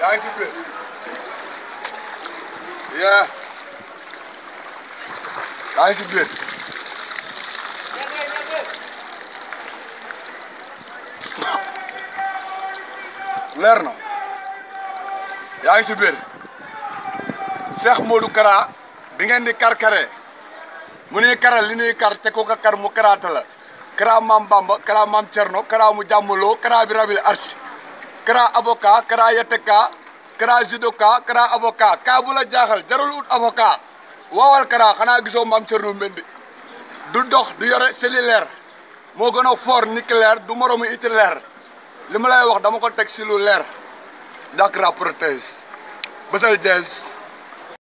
Nice and rich. Yeah. Nice and rich. Lerno. yaa ngi si biir Cheikh Modou Kara bi ngeen di kar kare mu nuy kara li nuy kar te ko ka kar mu karaata la kara mam Bamba kara mam cherno, kara mu jamulo, kara bi rabil arsi CRA avocat CRA YATECA CRA judoka CRA avocat ka bu la jaaxal jarul ut avocat woowal CRA xanaa gisoo maam Thierno Mendy du dox du yore cellulaire moo gën a fort nucléaire du moromu itinéraire li ma lay wax dama ko teg si lu leer daa CRA